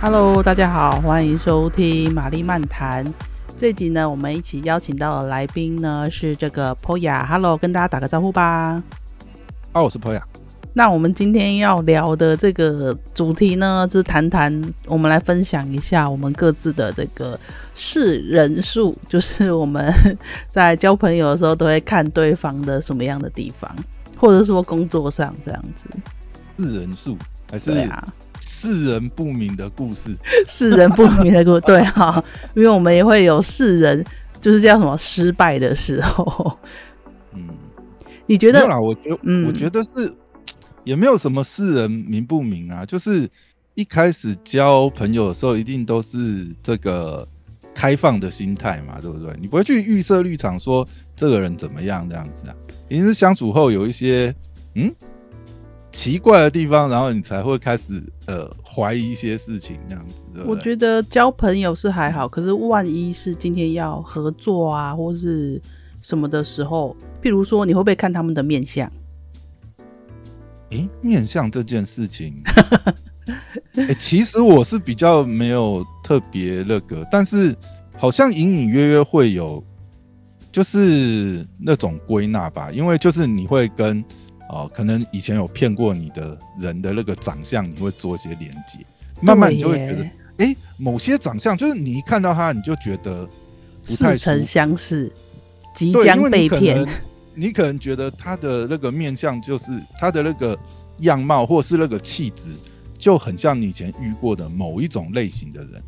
Hello，大家好，歡迎收聽馬力漫談。這集呢，我們一起邀請到的來賓呢是這個 Poya。Hello，跟大家打個招呼吧。啊，我是 Poya。那我們今天要聊的這個主題呢，就是談談我們來分享一下我們各自的這個識人術，就是我們 在交朋友的時候都會看對方的什麼樣的地方，或者說工作上這樣子。識人術還是對、啊世人不明的故事， 世人不明的故事。對哈、啊， 因為我們也會有世人，就是叫什麼失敗的時候。嗯，你覺得？沒有啦，我覺得，嗯、我覺得是也沒有什麼世人明不明啊，就是一開始交朋友的時候，一定都是這個開放的心態嘛，對不對？你不會去預設立場說這個人怎麼樣這樣子啊？一定是相處後有一些，嗯。奇怪的地方，然後你才會開始呃懷疑一些事情，那樣子。我覺得交朋友是還好，可是萬一是今天要合作啊，或是什麼的時候，譬如說，你會不會看他們的面相？欸，面相這件事情， 欸，其實我是比較沒有特別那個，但是好像隱隱約約會有，就是那種歸納吧，因為就是你會跟。哦，可能以前有騙過你的人的那個長相，你會做一些連接，慢慢你就會覺得，哎、欸，某些長相就是你一看到他，你就覺得不太是似曾相識，即將被騙。你可能覺得他的那個面相，就是他的那個樣貌，或是那個氣質，就很像你以前遇過的某一種類型的人。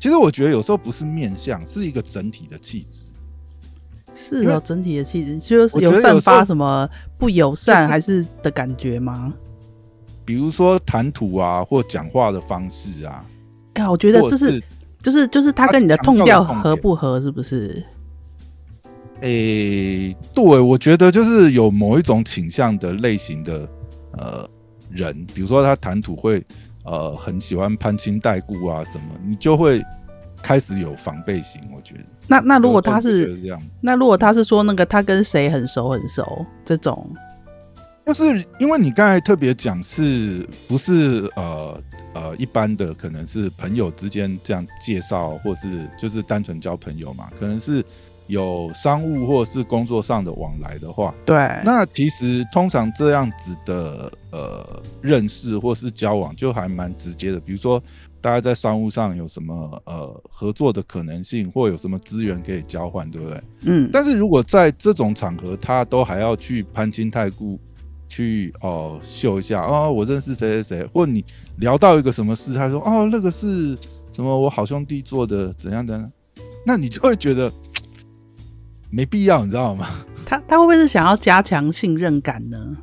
其實我覺得有時候不是面相，是一個整體的氣質。是啊、哦，整體的氣質就是有散發什麼不友善還是的感覺嗎？比如說談吐啊，或講話的方式啊，哎、欸、呀，我覺得這是，是就是就是他跟你的 tone 調合不合，是不是？誒、欸，對，我覺得就是有某一種傾向的類型的呃人，比如說他談吐會呃很喜歡攀親帶故啊什麼，你就會。開始有防備心，我覺得。那那如果他是，是這樣，那如果他是說那個他跟誰很熟很熟這種，就是因為你剛才特別講是不是呃呃一般的可能是朋友之間這樣介紹，或是就是單純交朋友嘛？可能是有商務或是工作上的往來的話，對。那其實通常這樣子的呃認識或是交往就還蠻直接的，比如說。大家在商務上有什麼呃合作的可能性，或有什麼資源可以交換，對不對？嗯。但是如果在這種場合，他都還要去攀親太故，去哦、呃、秀一下啊、哦，我認識誰誰誰，或你聊到一個什麼事，他說哦那個是什麼我好兄弟做的怎樣的，那你就會覺得沒必要，你知道嗎？他他會不會是想要加強信任感呢？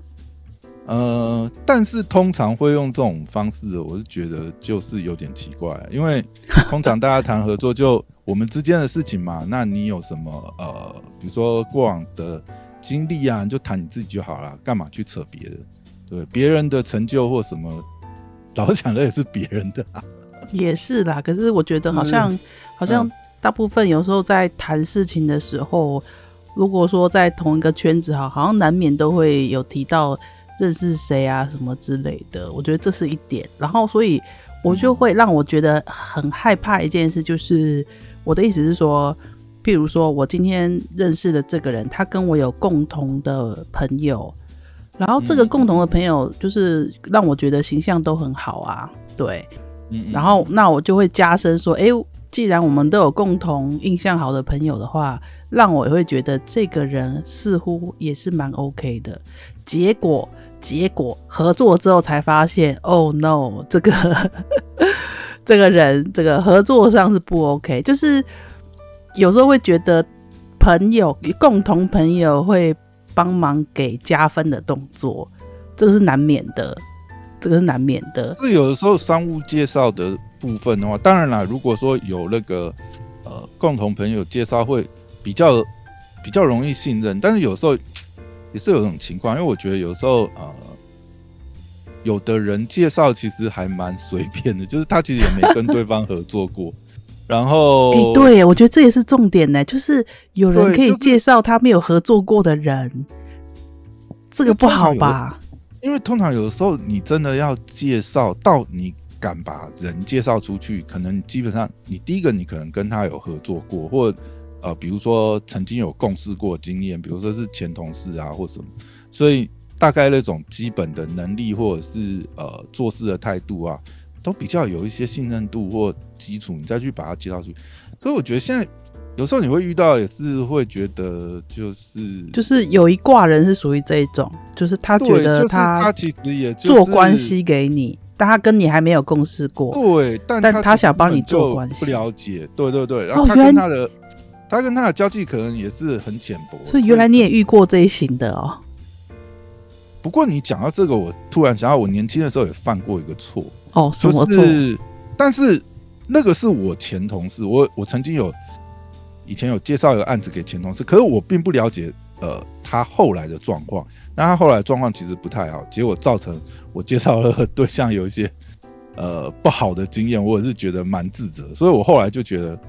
呃，但是通常會用這種方式，我是覺得就是有點奇怪，因為通常大家談合作，就我們之間的事情嘛。 那你有什麼呃，比如說過往的經歷啊，你就談你自己就好了，幹嘛去扯別人？對，別人的成就或什麼，老想的也是別人的、啊。也是啦，可是我覺得好像、嗯、好像大部分有時候在談事情的時候、呃，如果說在同一個圈子哈，好像難免都會有提到。認識誰啊，什麼之類的，我覺得這是一點。然後，所以，我就會讓我覺得很害怕一件事，就是我的意思是說，譬如說我今天認識的這個人，他跟我有共同的朋友，然後這個共同的朋友就是讓我覺得形象都很好啊，對，然後那我就會加深說，欸，既然我們都有共同印象好的朋友的話。讓我也會覺得這個人似乎也是蠻 OK 的。結果，結果合作之後才發現，哦，no，這個 這個人這個合作上是不 OK。就是有時候會覺得朋友共同朋友會幫忙給加分的動作，這個是難免的，這個是難免的。是有的時候商務介紹的部分的話，當然啦，如果說有那個呃共同朋友介紹會。比較比較容易信任，但是有時候也是有種情況，因為我覺得有時候呃，有的人介紹其實還蠻隨便的，就是他其實也沒跟對方合作過。 然後，哎、欸，對，我覺得這也是重點呢、欸，就是有人可以、就是、介紹他沒有合作過的人，這個不好吧？因為通常有的時候，你真的要介紹到你敢把人介紹出去，可能基本上你第一個你可能跟他有合作過，或者呃，比如說曾經有共事過經驗，比如說是前同事啊，或什麼，所以大概那種基本的能力或者是呃做事的態度啊，都比較有一些信任度或基礎，你再去把它接到去。所以我覺得現在有時候你會遇到，也是會覺得就是就是有一掛人是屬於這一種，就是他覺得他、就是、他其實也、就是、做關係給你，但他跟你還沒有共事過，對，但他，但他想幫你做關係，不了解，對對對，然後他，跟他的。哦他跟他的交際可能也是很淺薄，所以原來你也遇過這一型的哦。不過你講到這個，我突然想到，我年輕的時候也犯過一個錯哦，什麼錯？就是，但是那個是我前同事，我我曾經有以前有介紹一個案子給前同事，可是我並不了解呃他後來的狀況，那他後來狀況其實不太好，結果造成我介紹了對象有一些呃不好的經驗，我也是覺得蠻自責，所以我後來就覺得。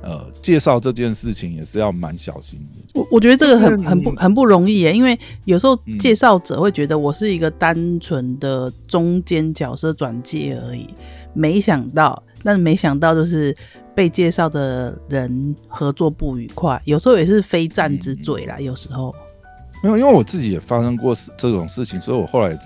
呃，介紹這件事情也是要蠻小心的。我我覺得這個很、嗯、很不、嗯、很不容易啊，因為有時候介紹者會覺得我是一個單純的中間角色轉介而已，沒想到，但是沒想到就是被介紹的人合作不愉快，有時候也是非戰之罪啦、嗯。有時候沒有，因為我自己也發生過這種事情，所以我後來就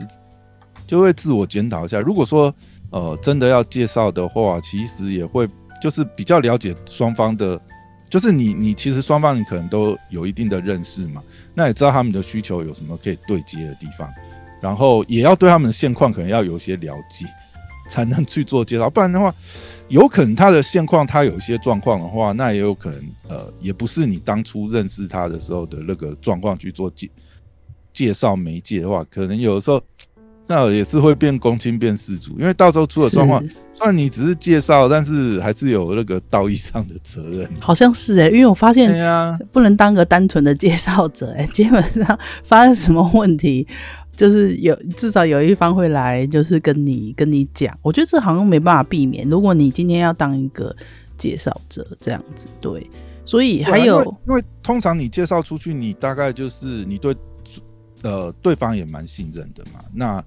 就會自我檢討一下。如果說呃真的要介紹的話，其實也會。就是比較了解雙方的，就是你你其實雙方你可能都有一定的認識嘛，那也知道他們的需求有什麼可以對接的地方，然後也要對他們的現況可能要有一些了解，才能去做介紹，不然的話，有可能他的現況他有一些狀況的話，那也有可能呃也不是你當初認識他的時候的那個狀況去做介介紹媒介的話，可能有的時候。那也是會變公親變事主，因為到時候出了狀況，雖然你只是介紹，但是還是有那個道義上的責任。好像是哎、欸，因為我發現，對呀、啊，不能當個單純的介紹者哎、欸，基本上發生什麼問題， 就是有至少有一方會來，就是跟你跟你講。我覺得這好像沒辦法避免。如果你今天要當一個介紹者這樣子，對，所以還有，啊、因為，因為通常你介紹出去，你大概就是你對。呃，對方也蠻信任的嘛，那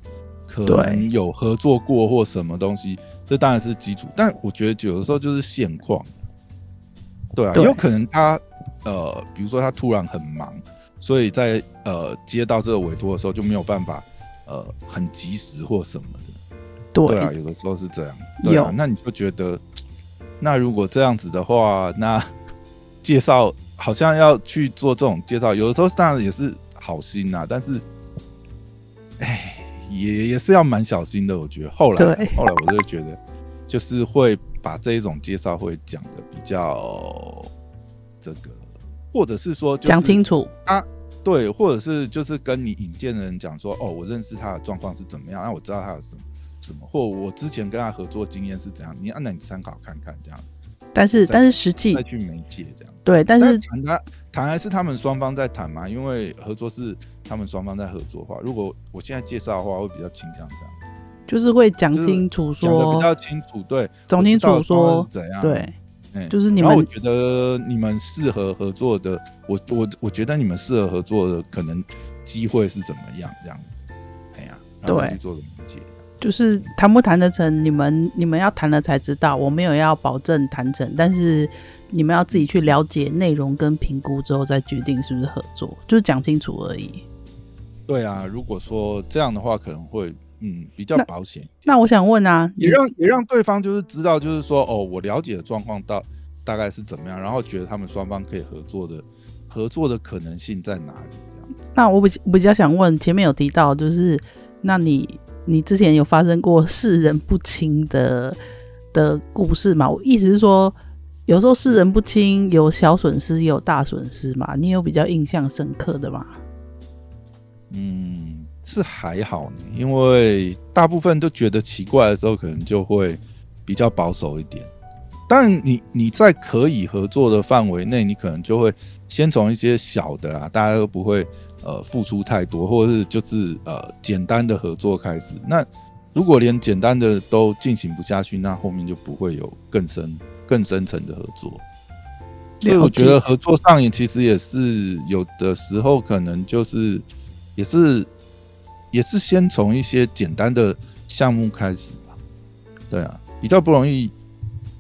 可能有合作過或什麼東西，這當然是基礎。但我覺得有的時候就是現況，對啊，對有可能他呃，比如說他突然很忙，所以在呃接到這個委託的時候就沒有辦法呃很及時或什麼的對。對啊，有的時候是這樣對啊。有，那你就覺得，那如果這樣子的話，那介紹好像要去做這種介紹，有的時候當然也是。好心吶、啊，但是，哎，也也是要蠻小心的。我覺得後來，後來我就覺得，就是會把這一種介紹會講得比較這個，或者是說、就是、講清楚啊，對，或者是就是跟你引薦的人講說，哦，我認識他的狀況是怎麼樣，那、啊、我知道他有什麼什麼，或我之前跟他合作經驗是怎樣，你按、啊、那你參考看看這樣。但是但是實際再去媒介這樣，對，但是。但他談還是他們雙方在談嘛，因為合作是他們雙方在合作的話，如果我現在介紹的話，我會比較傾向這樣，就是會講清楚說，講、就、的、是、比較清楚，對，講清楚說怎樣，對、欸，就是你們，然後我覺得你們適合合作的，我我我覺得你們適合合作的可能機會是怎麼樣這樣子，欸啊、解對，做就是談不談得成，嗯、你們你們要談了才知道，我沒有要保證談成，但是。你們要自己去了解內容跟評估之後，再決定是不是合作，就是講清楚而已。對啊，如果說這樣的話，可能會嗯比較保險。那我想問啊，也讓也讓對方就是知道，就是說哦，我了解的狀況到大概是怎麼樣，然後覺得他們雙方可以合作的，合作的可能性在哪裡？這樣。那我比我比較想問，前面有提到，就是那你你之前有發生過識人不清的的故事嗎？我意思是說。有時候識人不清，有小損失也有大損失嘛。你有比較印象深刻的嗎？嗯，是還好，因為大部分都覺得奇怪的時候，可能就會比較保守一點。但你你在可以合作的範圍內，你可能就會先從一些小的啊，大家都不會呃付出太多，或者是就是呃簡單的合作開始。那如果連簡單的都進行不下去，那後面就不會有更深，更深層的合作，因為我覺得合作上也其實也是有的時候可能就是也是也是先從一些簡單的項目開始吧。對啊，比較不容易。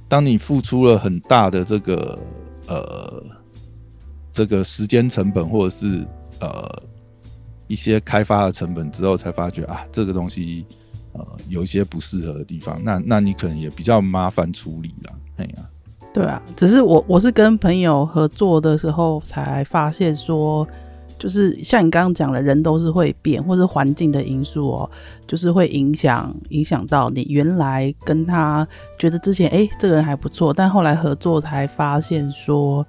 當你付出了很大的這個呃這個時間成本或者是呃一些開發的成本之後，才發覺啊這個東西呃有一些不適合的地方，那那你可能也比較麻煩處理啦。哎呀，對啊，只是我我是跟朋友合作的時候才發現說，說就是像你剛剛講的，人都是會變，或是環境的因素哦，就是會影響影響到你原來跟他覺得之前哎這個人還不錯，但後來合作才發現說，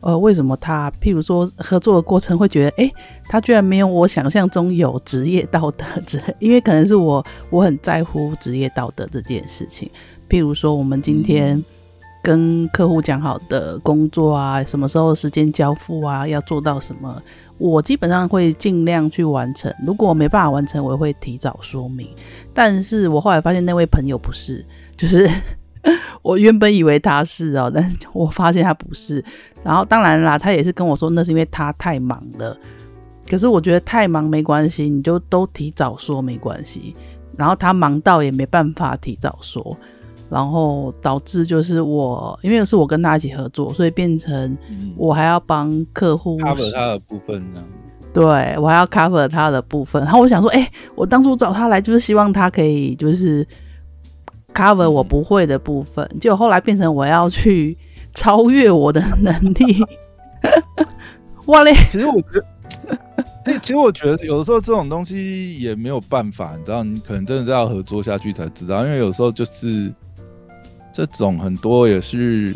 呃，為什麼他，譬如說合作的過程會覺得，哎，他居然沒有我想象中有職業道德之類，因為可能是我我很在乎職業道德這件事情。譬如說，我們今天跟客戶講好的工作啊，什麼時候時間交付啊，要做到什麼，我基本上會盡量去完成。如果沒辦法完成，我也會提早說明。但是我後來發現那位朋友不是，就是我原本以為他是哦，但是我發現他不是。然後當然啦，他也是跟我說那是因為他太忙了。可是我覺得太忙沒關係，你就都提早說沒關係。然後他忙到也沒辦法提早說。然後導致就是我，因為是我跟他一起合作，所以變成我還要幫客戶、嗯、cover 他的部分，這樣。對，我還要 cover 他的部分。然後我想說，哎，我當初找他來就是希望他可以就是 cover 我不會的部分，嗯、結果後來變成我要去超越我的能力。 哇嘞！其實我覺得， 其實我覺得有的時候這種東西也沒有辦法，你知道，你可能真的是要合作下去才知道，因為有時候就是。這種很多也是，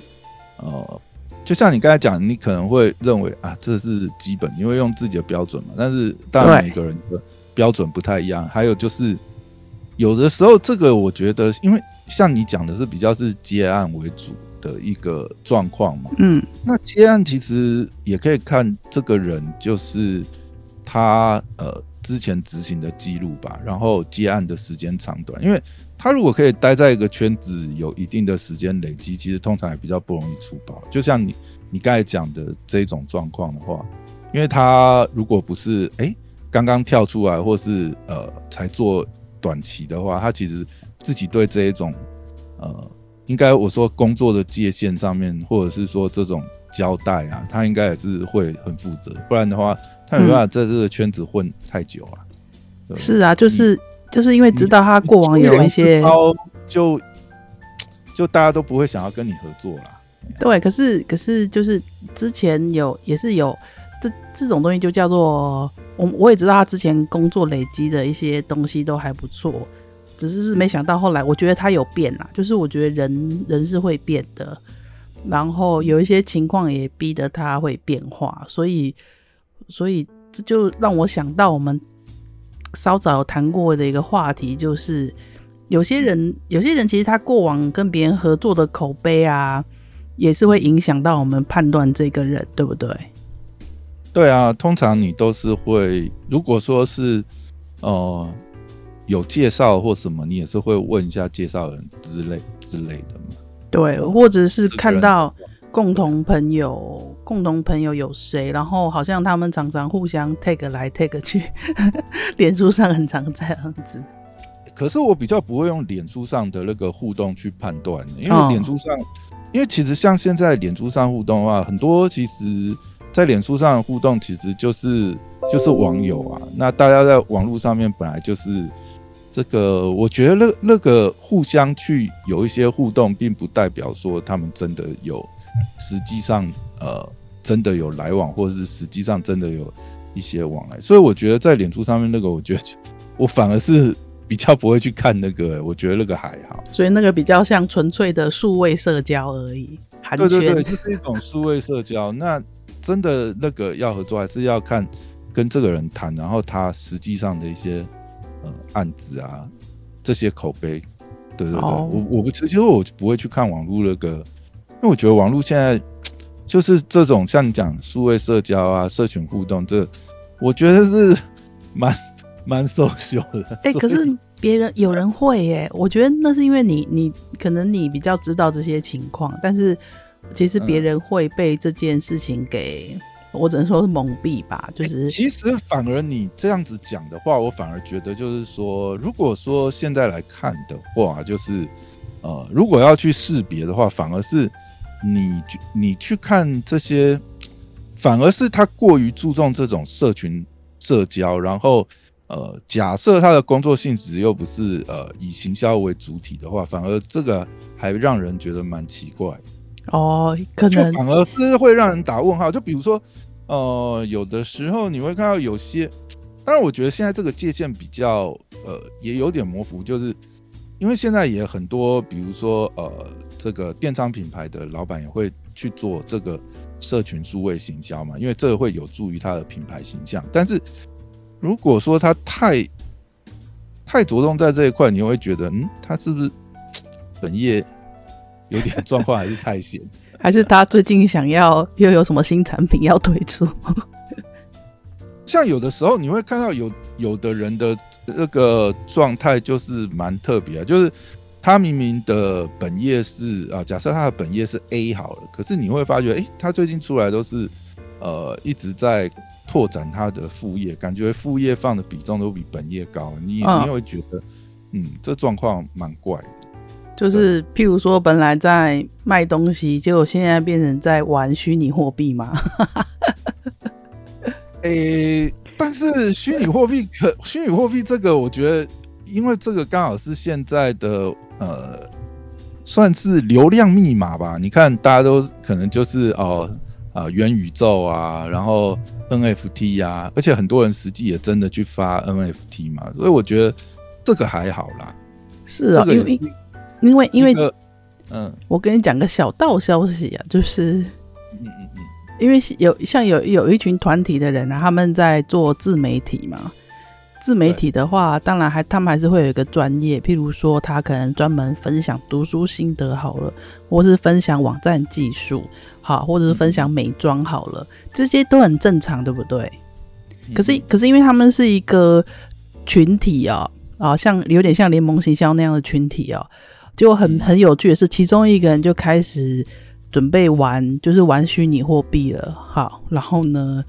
呃，就像你剛才講，你可能會認為啊，這是基本，因為用自己的標準嘛。但是，當然每個人的標準不太一樣。還有就是，有的時候這個我覺得，因為像你講的是比較是接案為主的一個狀況嘛。嗯，那接案其實也可以看這個人就是他呃之前執行的記錄吧，然後接案的時間長短，因為。他如果可以待在一個圈子有一定的時間累積，其實通常也比較不容易出包，就像你你剛才講的這種狀況的話。因為他如果不是誒剛剛跳出來，或是呃才做短期的話，他其實自己對這一種呃應該我說工作的界限，上面，或者是說這種交代啊，他應該也是會很負責。不然的話，他沒辦法在這個圈子混太久啊。嗯、是啊，就是。就是因為知道他過往有一些，就就，就大家都不會想要跟你合作啦。對，可是可是就是之前有也是有這這種東西，就叫做我我也知道他之前工作累積的一些東西都還不錯，只是是沒想到後來我覺得他有變啦。就是我覺得人人是會變的，然後有一些情況也逼得他會變化，所以所以這就讓我想到我們稍早談過的一個話題，就是有些人，有些人其實他過往跟別人合作的口碑啊，也是會影響到我們判斷這個人，對不對？對啊，通常你都是會，如果說是哦、呃、有介紹或什麼，你也是會問一下介紹人之類之類的嘛，對，或者是看到共同朋友。這個共同朋友有誰？然後好像他們常常互相 tag 來 tag 去，臉 書上很常這樣子。可是我比較不會用臉書上的那個互動去判斷，因為臉書上、哦，因為其實像現在臉書上互動的話，很多其實在臉書上互動其實就是就是網友啊。那大家在網絡上面本來就是這個，我覺得那那個互相去有一些互動，並不代表說他們真的有，實際上。呃，真的有來往，或者是實際上真的有一些往來，所以我覺得在臉書上面那個，我覺得我反而是比較不會去看那個、欸，我覺得那個還好。所以那個比較像純粹的數位社交而已，寒暄。對對對，就是一種數位社交。 那真的那個要合作，還是要看跟這個人談，然後他實際上的一些呃案子啊，這些口碑。對對對，哦、我我不其實我不會去看網絡那個，因為我覺得網絡現在。就是這種像講數位社交啊、社群互動，這個，我覺得是蠻蠻 social 的。哎、欸，可是別人有人會耶、欸嗯，我覺得那是因為你你可能你比較知道這些情況，但是其實別人會被這件事情給、嗯、我只能說是蒙蔽吧。就是、欸、其實反而你這樣子講的話，我反而覺得就是說，如果說現在來看的話，就是呃，如果要去識別的話，反而是。你去你去看這些，反而是他過於注重這種社群社交，然後呃，假設他的工作性質又不是呃以行銷為主體的話，反而這個還讓人覺得蠻奇怪哦，可能反而是會讓人打問號。就比如說呃，有的時候你會看到有些，當然我覺得現在這個界限比較呃也有點模糊，就是因為現在也很多，比如說呃。這個電商品牌的老板也會去做這個社群數位行銷嘛？因為這個會有助於他的品牌形象。但是如果說他太太着重在這一塊，你會覺得，嗯，他是不是本業有點狀況，還是太閒， 還是他最近想要又有什麼新產品要推出？ 像有的時候你會看到有有的人的那個狀態就是蠻特別啊，就是。他明明的本業是啊、呃，假設他的本業是 A 好了，可是你會發覺，哎、欸，他最近出來都是，呃，一直在拓展他的副業，感覺副業放的比重都比本業高，你也沒有覺得、哦，嗯，這狀況蠻怪。就是譬如說，本來在賣東西，結果現在變成在玩虛擬貨幣嗎？誒、 欸，但是虛擬貨幣可，虛擬貨幣這個，我覺得，因為這個剛好是現在的。呃，算是流量密碼吧。你看，大家都可能就是哦啊、呃呃，元宇宙啊，然後 N F T 啊，而且很多人實際也真的去發 N F T 嘛，所以我覺得這個還好啦。是啊、哦這個，因為因為呃，嗯，我跟你講個小道消息啊，就是嗯嗯嗯，因為有像有有一群團體的人啊，他們在做自媒體嘛。自媒體的話，當然還他們還是會有一個專業，譬如說他可能專門分享讀書心得好了，或是分享網站技術好，或者是分享美妝好了，這些都很正常，對不對？可是可是因為他們是一個群體哦，啊，像有點像聯盟行銷那樣的群體哦，就很很有趣的是，其中一個人就開始準備玩，就是玩虛擬貨幣了。好，然後呢？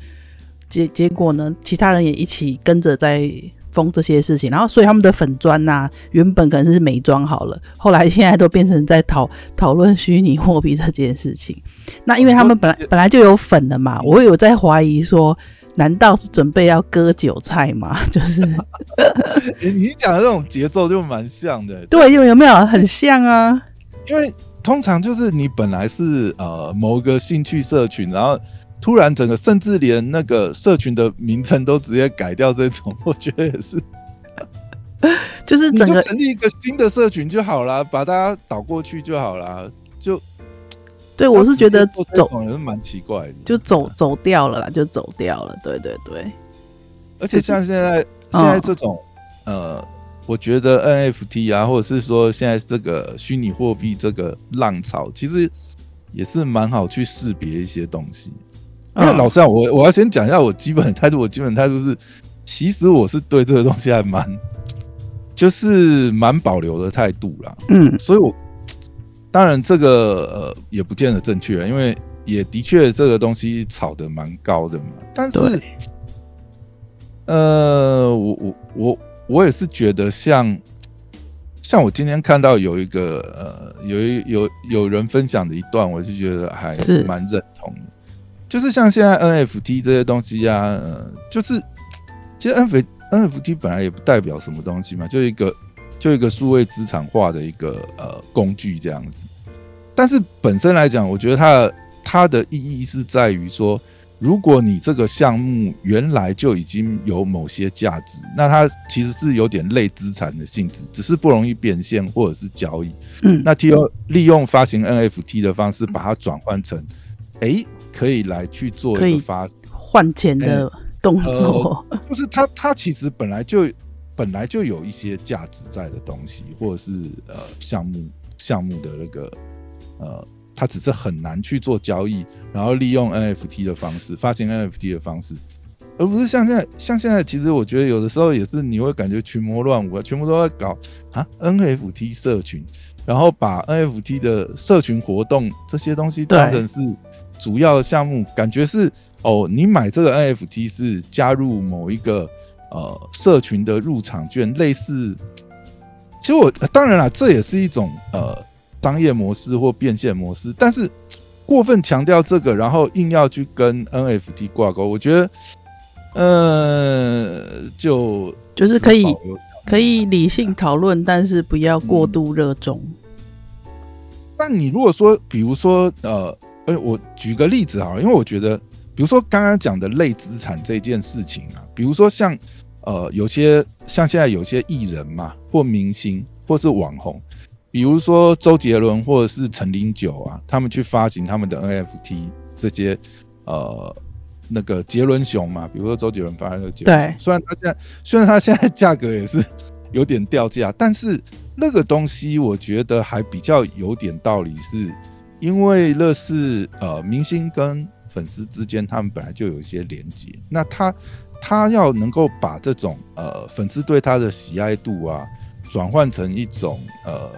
結結果呢，其他人也一起跟着在封這些事情，然後所以他們的粉專吶、啊，原本可能是美妝好了，後來現在都變成在討討論虛擬貨幣這件事情。那因為他們本來本來就有粉的嘛、嗯，我有在懷疑說，難道是準備要割韭菜嗎？就是 欸、你講的這種節奏就蠻像的，對，因為有沒有、嗯、很像啊？因為通常就是你本來是呃某個興趣社群，然後。突然，整個甚至連那個社群的名稱都直接改掉，這種我覺得也是，就是整個你就成立一個新的社群就好了，把大家導過去就好了，就對我是覺得這種也是蠻奇怪的，的，就走走掉了啦，就走掉了，對對對。而且像現在、就是、現在這種、哦、呃，我覺得 NFT 啊，或者是說現在這個虛擬貨幣這個浪潮，其實也是蠻好去識別一些東西。因為老師啊，我我要先講一下我基本態度。我基本態度是，其實我是對這個東西還蠻，就是蠻保留的態度啦。嗯，所以我，我當然這個呃也不見得正確，因為也的確這個東西炒得蠻高的嘛。但是，呃，我我我我也是覺得像，像我今天看到有一個呃，有一有有人分享的一段，我就覺得還蠻認同的。就是像現在 NFT 這些東西啊，呃，就是其實 NFT NFT 本來也不代表什麼東西嘛，就一個就一個數位資產化的一個呃工具這樣子。但是本身來講，我覺得它它的意義是在於說，如果你這個項目原來就已經有某些價值，那它其實是有點類資產的性質，只是不容易變現或者是交易。嗯、那 T O 利用發行 NFT 的方式把它轉換成，誒、欸。可以來去做一個發換錢的動作，嗯，就、呃、是它，他其實本來就本來就有一些價值在的東西，或者是呃項目項目的那個呃，它只是很難去做交易，然後利用 NFT 的方式發行 NFT 的方式，而不是像現在像現在，其實我覺得有的時候也是你會感覺群魔亂舞，全部都在搞啊 NFT 社群，然後把 NFT 的社群活動這些東西當成是。主要的項目感覺是哦，你買這個 NFT 是加入某一個呃社群的入場券，類似。其實我、呃、當然了，這也是一種呃商業模式或變現模式，但是、呃、過分強調這個，然後硬要去跟 NFT 掛鈎，我覺得呃就點點就是可以可以理性討論，但是不要過度熱衷、嗯、熱衷。但你如果說，比如說呃。哎、欸，我舉個例子啊，因為我覺得，比如說剛剛講的類資產這件事情啊，比如說像，呃，有些像現在有些藝人嘛，或明星，或是網紅，比如說周杰倫或者是陳零九啊，他們去發行他們的 NFT 這些，呃，那個杰倫熊嘛，比如說周杰倫發了個傑倫熊，對，雖然他現在雖然他現在價格也是有點掉價，但是那個東西我覺得還比較有點道理是。因為樂視呃，明星跟粉絲之間他們本來就有一些連接，那他他要能夠把這種呃粉絲對他的喜愛度啊，轉換成一種呃，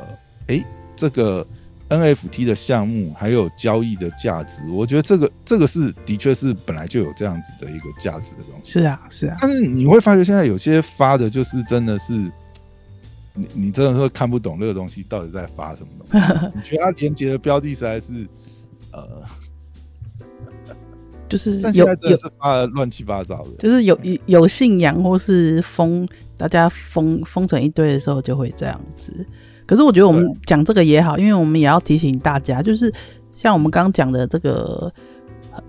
誒、欸、這個 NFT 的項目還有交易的價值，我覺得這個這個是的確是本來就有這樣子的一個價值的東西。是啊，是啊，但是你會發覺現在有些發的就是真的是。你你真的是看不懂這個東西到底在發什麼東西？ 你覺得它連接的標題實在是，呃，就是有是發亂七八糟的，就是有有信仰或是封，大家封封成一堆的時候就會這樣子。可是我覺得我們講這個也好，因為我們也要提醒大家，就是像我們剛講的這個。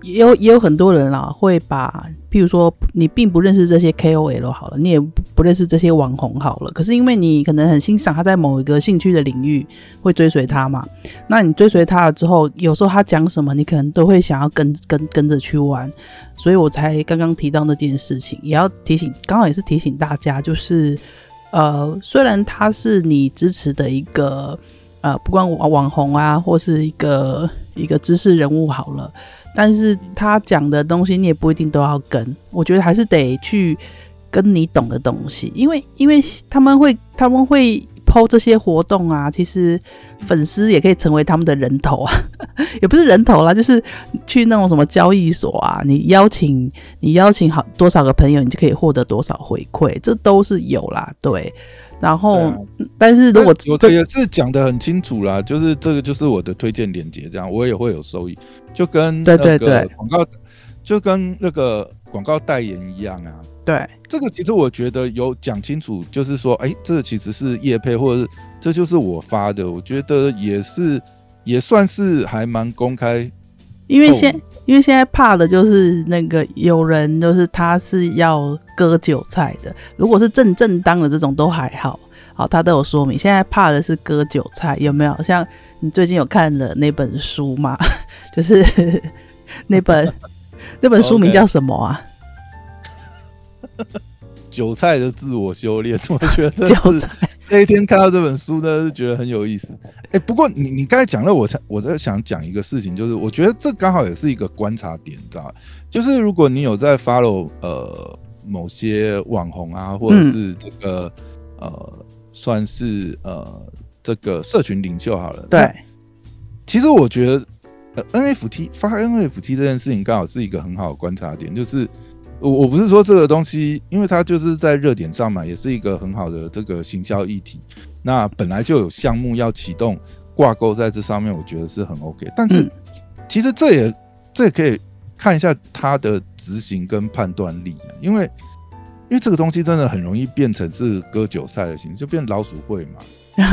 也有也有很多人啦，啊，會把，譬如說你並不認識這些 KOL 好了，你也不，不認識這些網紅好了，可是因為你可能很欣賞他在某一個興趣的領域，會追隨他嘛。那你追隨他了之後，有時候他講什麼，你可能都會想要跟跟跟着去玩。所以我才剛剛提到那件事情，也要提醒，剛好也是提醒大家，就是呃，雖然他是你支持的一個呃，不管網網紅啊，或是一個一個知識人物好了。但是他講的東西你也不一定都要跟，我覺得還是得去跟你懂的東西，因為因為他們會他們會 po 這些活動啊，其實粉絲也可以成為他們的人頭啊， 也不是人頭啦，就是去那種什麼交易所啊，你邀請你邀請好多少個朋友，你就可以獲得多少回饋，這都是有啦，對。然後，啊、但是如果我這也是講得很清楚啦，就是這個就是我的推薦鏈接，這樣我也會有收益，就跟對對對廣告，就跟那個廣告代言一樣啊。對，這個其實我覺得有講清楚，就是說，哎、欸，這個、其實是業配，或者是這就是我發的，我覺得也是也算是還蠻公開。因為現、oh. 因為現在怕的就是那個有人，就是他是要割韭菜的。如果是正正當的這種都還好，好，他都有說明。現在怕的是割韭菜，有沒有？像你最近有看了那本書嗎？就是那本 那本書名叫什麼啊？Okay. 韭菜的自我修煉，我覺得。 韭菜笑那一天看到這本書呢，是覺得很有意思、欸。不過你你剛才講了，我我我在想講一個事情，就是我覺得這剛好也是一個觀察點，知道嗎？就是如果你有在 follow 呃某些網紅啊，或者是這個、嗯、呃算是呃這個社群領袖好了，對，其實我覺得、呃、NFT 發 NFT 這件事情剛好是一個很好的觀察點，就是。我我不是說這個東西，因為它就是在熱點上嘛，也是一個很好的這個行銷議題。那本來就有項目要啟動，掛鈎在這上面，我覺得是很 OK。但是其實這也、嗯、這也可以看一下他的執行跟判斷力，因為因為這個東西真的很容易變成是割韭菜的形式，就變老鼠會嘛。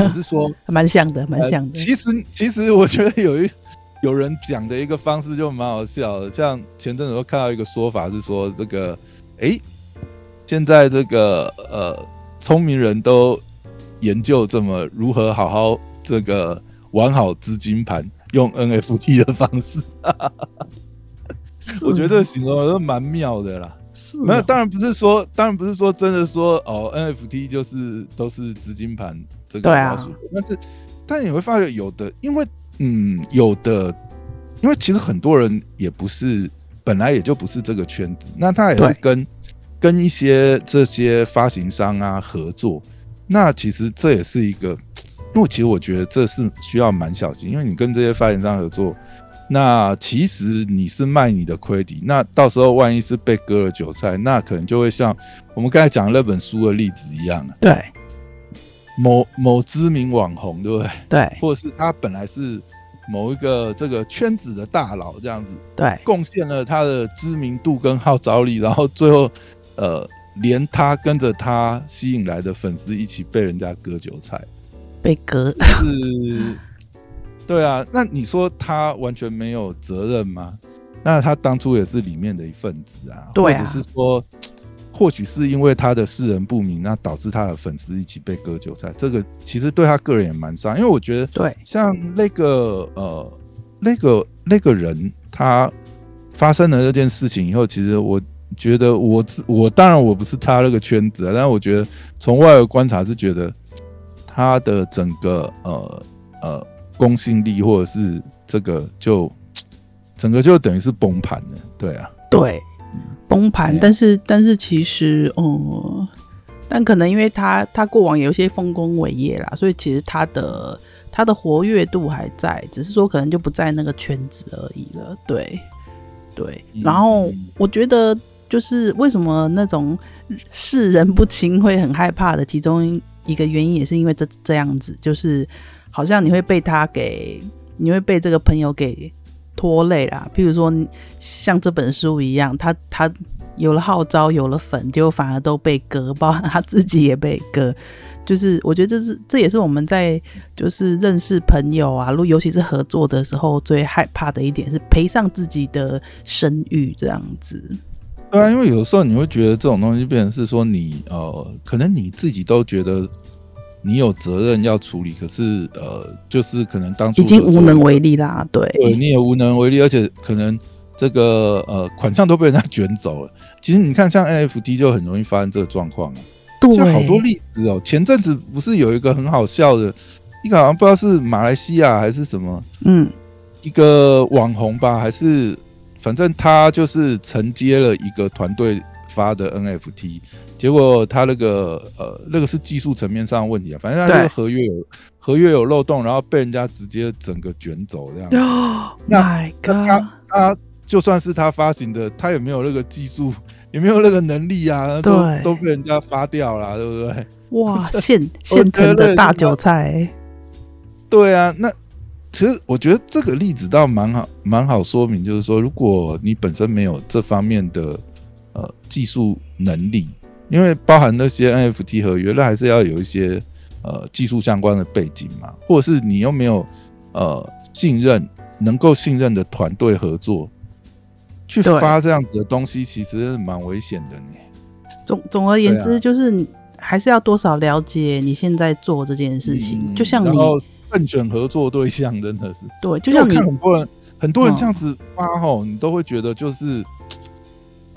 不 是說？蠻像的，蠻像的、呃、蠻像的。其實其實我覺得有一。有人講的一個方式就蠻好笑的，像前陣子我看到一個說法是說，這個，哎、欸，現在這個呃，聰明人都研究怎麼如何好好這個玩好資金盤，用 NFT 的方式，哈哈我覺得形容的都蠻妙的啦。是。沒有，當然不是說，當然不是說真的說哦，NFT 就是都是資金盤這個，對啊。但是，但你會發現有的因為。嗯，有的，因為其實很多人也不是本來也就不是這個圈子，那他也會跟跟一些這些發行商啊合作，那其實這也是一個，因為其實我覺得這是需要蠻小心，因為你跟這些發行商合作，那其實你是賣你的虧底，那到時候萬一是被割了韭菜，那可能就會像我們剛才講那本書的例子一樣啊，對。某某知名網紅，對不對？對，或者是他本來是某一個這個圈子的大佬，這樣子，對，貢獻了他的知名度跟號召力，然後最後，呃，連他跟着他吸引來的粉絲一起被人家割韭菜，被割，就是，對啊，那你說他完全沒有責任嗎？那他當初也是裡面的一份子啊，對啊，或者是說。或許是因為他的識人不明，那導致他的粉絲一起被割韭菜。這個其實對他個人也蠻傷，因為我覺得、那個，對，像那個呃，那個那個人，他發生了這件事情以後，其實我覺得我，我我當然我不是他那個圈子，但我覺得從外觀察是覺得他的整個呃呃公信力或者是這個就整個就等於是崩盤了，對啊，對。崩盤，但是但是其實哦、嗯，但可能因為他他過往有一些豐功偉業啦，所以其實他的他的活躍度還在，只是說可能就不在那個圈子而已了。對對，然後我覺得就是為什麼那種識人不清會很害怕的，其中一個原因也是因為這這樣子，就是好像你會被他給，你會被這個朋友給。拖累啦，譬如說像這本書一樣，他他有了號召，有了粉，就反而都被割，包括他自己也被割。就是我覺得這是這也是我們在就是認識朋友啊，如尤其是合作的時候最害怕的一點是賠上自己的聲譽這樣子。對啊，因為有時候你會覺得這種東西變成是說你呃，可能你自己都覺得。你有責任要處理，可是呃，就是可能當初已經無能為力啦。對，你也無能為力，而且可能這個呃款項都被人家捲走了。其實你看，像 NFT 就很容易發生這個狀況，像好多例子哦。前陣子不是有一個很好笑的，一個好像不知道是馬來西亞還是什麼，嗯，一個網紅吧，還是反正他就是承接了一個團隊發的 NFT。結果他那個呃，那個是技術層面上的問題啊。反正他那個合約有合約有漏洞，然後被人家直接整個捲走這樣。哦，那 My God，他他就算是他發行的，他也沒有那個技術，也沒有那個能力啊。對，都，都被人家發掉了，對不對？哇，現現成的大韭菜。對啊，那其實我覺得這個例子倒蠻好，蠻好說明，就是說，如果你本身沒有這方面的呃技術能力。因為包含那些 NFT 合約，那還是要有一些呃技術相關的背景嘛，或者是你又沒有呃信任能夠信任的團隊合作去發這樣子的東西，其實蠻危險的呢。總總而言之、啊，就是還是要多少了解你現在做這件事情，嗯、就像你慎選、選合作對象，真的是對。就像你看很多人很多人這樣子發吼、哦哦，你都會覺得就是。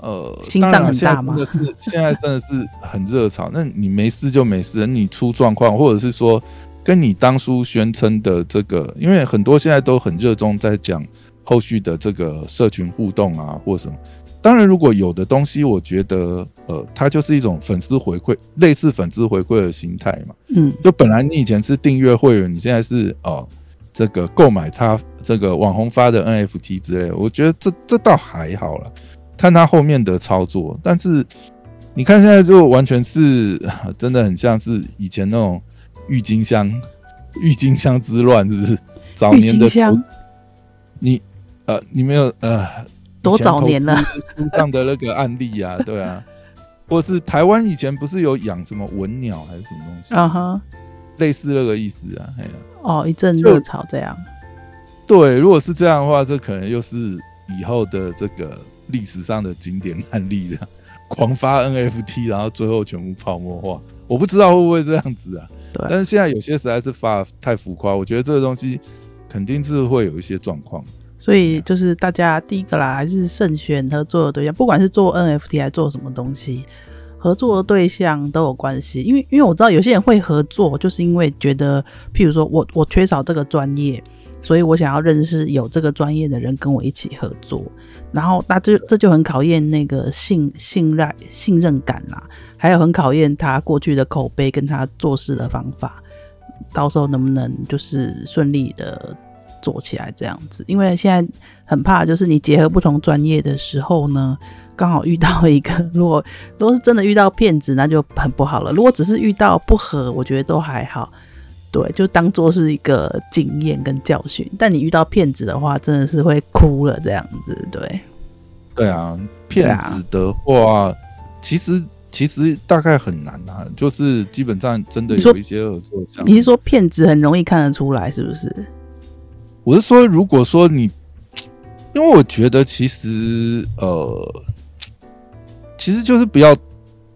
呃，當然、啊，心臟很大嗎？真的是 現在真的是很熱潮。那你沒事就沒事，你出狀況，或者是說跟你當初宣稱的這個，因為很多現在都很熱衷在講後續的這個社群互動啊，或者什麼。當然，如果有的東西，我覺得呃，它就是一種粉絲回饋，類似粉絲回饋的心態嘛。嗯，就本來你以前是訂閱會員，你現在是哦、呃、這個購買他這個網紅發的 NFT 之類，我覺得這這倒還好了。看他後面的操作，但是你看現在就完全是呵呵，真的很像是以前那種鬱金香，鬱金香之亂是不是？早年的香。你呃，你沒有呃，多早年了的身上的那個案例啊，對啊， 或是台灣以前不是有養什麼文鳥還是什麼東西啊哈，uh -huh. 類似那個意思啊，哎呀、啊，哦、oh, 一陣熱潮這樣。對，如果是這樣的話，這可能又是以後的這個。歷史上的經典案例，的狂發 NFT，然後最後全部泡沫化，我不知道會不會這樣子啊？對。但是現在有些實在是發得太浮誇，我覺得這個東西肯定是會有一些狀況，對啊。所以就是大家第一個啦，還是慎選合作的對象，不管是做 NFT 還是做什麼東西，合作的對象都有關係。因為因為我知道有些人會合作，就是因為覺得，譬如說我我缺少這個專業。所以我想要認識有這個專業的人跟我一起合作，然後那就這就就很考驗那個信信賴信任感啦、啊，還有很考驗他過去的口碑跟他做事的方法，到時候能不能就是順利的做起來這樣子？因為現在很怕就是你結合不同專業的時候呢，剛好遇到一個，如果都是真的遇到騙子，那就很不好了；如果只是遇到不合，我覺得都還好。對，就當做是一個經驗跟教訓。但你遇到騙子的話，真的是會哭了這樣子，對。對啊，騙子的話，啊、其實其實大概很難啊，就是基本上真的有一些合作，想你，你是說騙子很容易看得出來，是不是？我是說，如果說你，因為我覺得其實呃，其實就是不要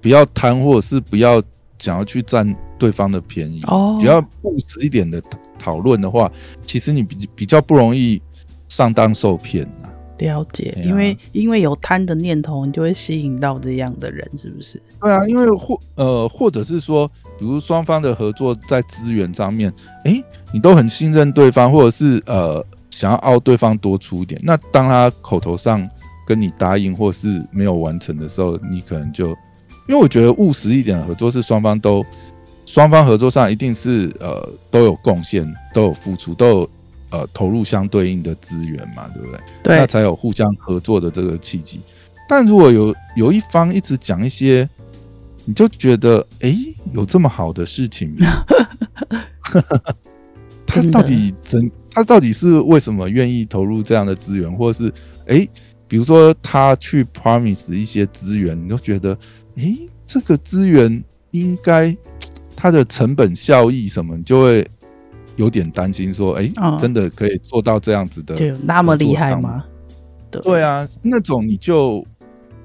不要貪，或者是不要。想要去佔對方的便宜哦，只要務實一點的討論的話，其實你比比較不容易上當受騙啊。了解，啊、因為因為有貪的念頭，你就會吸引到這樣的人，是不是？對啊，因為或呃，或者是說，比如雙方的合作在資源上面，誒、欸，你都很信任對方，或者是呃，想要拗對方多出一點。那當他口頭上跟你答應，或是沒有完成的時候，你可能就。因為我覺得務實一點的合作是雙方都，雙方合作上一定是呃都有貢獻、都有付出、都有呃投入相對應的資源嘛，對不對？對，那才有互相合作的這個契機。但如果有有一方一直講一些，你就覺得哎、欸，有這麼好的事情， 真的 他到底怎？他到底是為什麼願意投入這樣的資源，或者是哎、欸，比如說他去 promise 一些資源，你就覺得。哎，這個資源應該它的成本效益什麼，就會有點擔心說，哎、嗯，真的可以做到這樣子的？那麼厲害嗎？對對啊，那種你就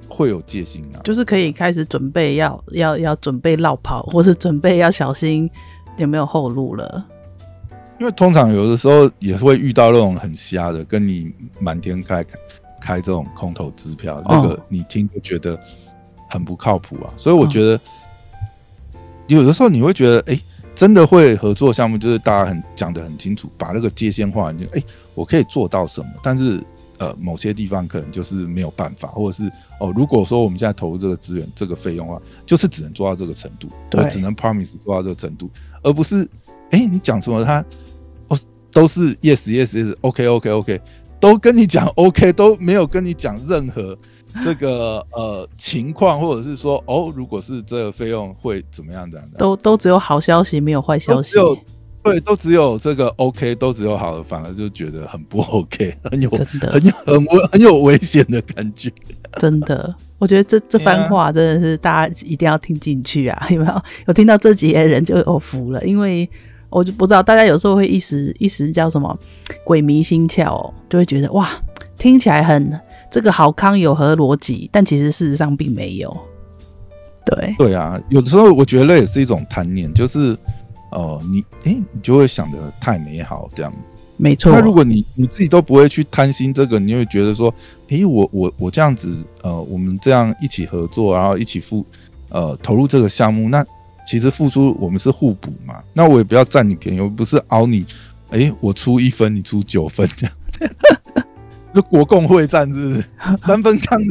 會有戒心啊，就是可以開始準備要要要準備落跑，或是準備要小心有沒有後路了。因為通常有的時候也會遇到那種很瞎的，跟你滿天開開這種空頭支票、嗯，那個你聽就覺得。很不靠譜啊，所以我覺得、哦、有的時候你會覺得，哎、欸，真的會合作項目就是大家很講得很清楚，把那個界限化，就哎、欸，我可以做到什麼，但是呃，某些地方可能就是沒有辦法，或者是哦，如果說我們現在投入這個資源、這個費用啊，就是只能做到這個程度，對，只能 promise 做到這個程度，而不是哎、欸，你講什麼，他哦都是 yes yes yes，OK okay, OK OK，都跟你講 OK，都沒有跟你講任何。這個呃情況，或者是說哦，如果是這個費用會怎麼樣？這樣的都都只有好消息，沒有壞消息。對，都只有這個 OK，都只有好的，反而就覺得很不 OK，很有真的很很危很，很有危險的感覺。真的，我覺得這這番話真的是大家一定要聽進去啊！有沒有？有聽到這集的人就有福、哦、了，因為我就不知道大家有時候會一時一時叫什麼鬼迷心竅、哦，就會覺得哇，聽起來很。這個好康有何邏輯？但其實事實上並沒有。對對啊，有的時候我覺得那也是一種貪念，就是哦、呃，你哎、欸，你就會想得太美好這樣。沒錯。那如果你你自己都不會去貪心這個，你會覺得說，哎、欸，我我我這樣子，呃，我們這樣一起合作，然後一起付呃投入這個項目，那其實付出我們是互補嘛，那我也不要占你便宜，我不是凹你，誒、欸、我出一分，你出九分這樣。 國共會戰，是不是 三分抗日，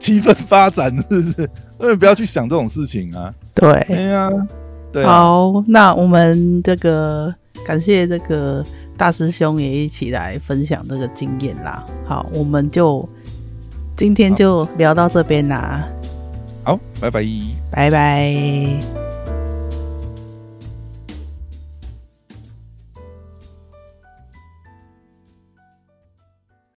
七分發展，是不是？ 所以不要去想這種事情啊。對、哎呀，對啊，對啊，好，那我們這個感謝這個大師兄也一起來分享這個經驗啦。好，我們就今天就聊到這邊啦。好。好，拜拜。拜拜。